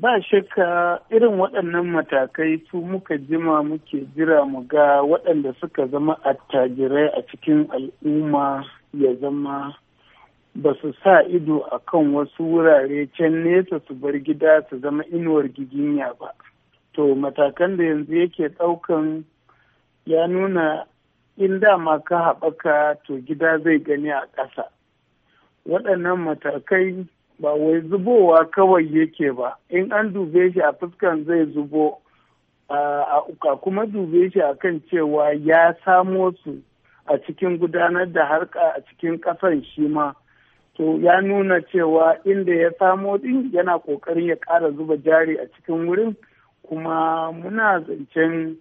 ba shakka irin waɗannan matakai su muka jima muke jira mu ga waɗanda suka zama attajirai a cikin al'umma ya zama ba su sa ido a kan wasu wurare can nesa su bar gida su zama inuwar giginya ba. To matakan da yanzu yake ɗaukan ya nuna in dama ka haɓaka to gida zai gani a ƙasa. Waɗannan matakai ba wai zubowa kawai yake ba in an dube shi a fuskan zai zubo a kuma dube shi a kan cewa ya samo su a cikin gudanar da harka a cikin ƙasan shi ma to ya nuna cewa inda ya samo din yana ƙoƙarin ya ƙara zuba jari a cikin wurin kuma muna zancen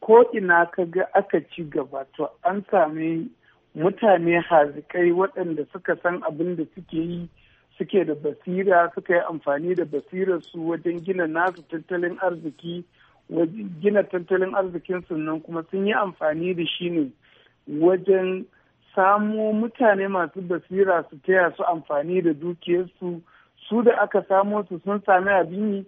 ko ina ka ga aka ci gaba to an sami mutane hazikai waɗanda suka san abin da suke yi suke da basira suka yi amfani da basirarsu wajen gina nasu tattalin arziki gina tattalin arzikin sunan kuma sun yi amfani da shi ne wajen samo mutane masu basira su taya su amfani da dukiyarsu su da aka samo su sun sami abin yi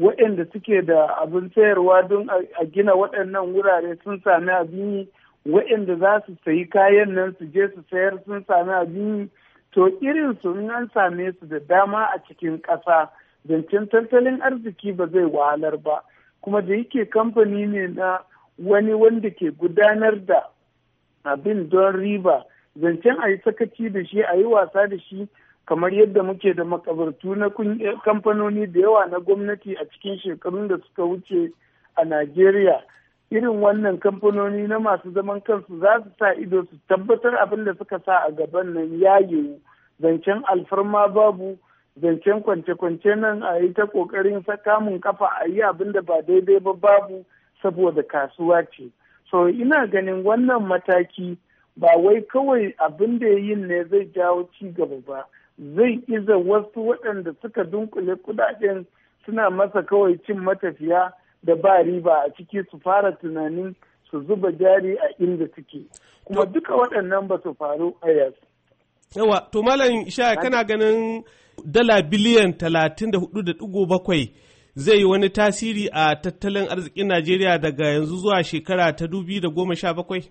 waɗanda suke da abin sayarwa don a gina waɗannan wurare sun sami abin yi waɗanda za su sayi kayan nan su je su sayar sun sami abin to irin su in an same su da dama a cikin ƙasa zancen tattalin arziki ba zai wahalar ba kuma da yake kamfani ne na wani wanda ke gudanar da abin don riba zancen a yi sakaci da shi a yi wasa da shi kamar yadda muke da makabartu na eh, kamfanoni da yawa na gwamnati a cikin shekarun da suka wuce a najeriya irin wannan kamfanoni na masu zaman kansu za su sa ido su tabbatar abin da suka sa a gaban nan ya yiwu zancen alfarma babu zancen kwance-kwance nan a yi ta kokarin kamun kafa a yi abin da ba daidai ba babu saboda kasuwa ce so ina ganin wannan mataki ba wai kawai abin da ya yin ne zai jawo ci gaba ba zai iza wasu waɗanda suka dunkule kudaden suna masa kawai cin matafiya da ba riba a ciki su fara tunanin su zuba jari a inda suke kuma duka waɗannan ba su faru a yasu yawa to malam sha kana ganin dala biliyan talatin da hudu da digo bakwai zai yi wani tasiri a tattalin arzikin najeriya daga yanzu zuwa shekara ta dubi da goma sha bakwai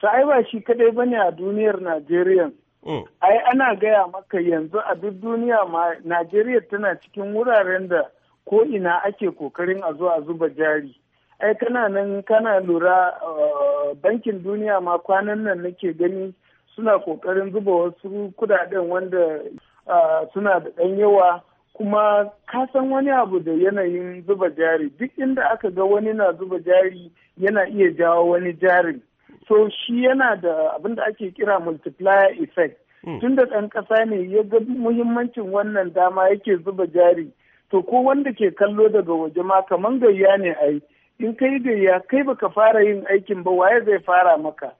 ta ai ba shi kadai bane a duniyar najeriya mm. ai ana gaya maka yanzu a duk duniya ma najeriya tana cikin wuraren da ko ina ake kokarin a zo zuba jari ai kana nan kana lura eh, bankin duniya ma kwanan nan nake gani suna kokarin zuba wasu kudaden wanda eh, suna da ɗan yawa kuma ka san wani abu da yanayin zuba jari duk inda aka ga wani na zuba jari yana iya jawo wani jari so shi yana da abin da ake kira multiplier effect hmm. tun da ɗan ƙasa ne ya ga muhimmancin wannan dama yake zuba jari to ko wanda ke kallo daga waje ma kaman gayya ne ai in kai gayya kai baka fara yin aikin ba waye zai fara maka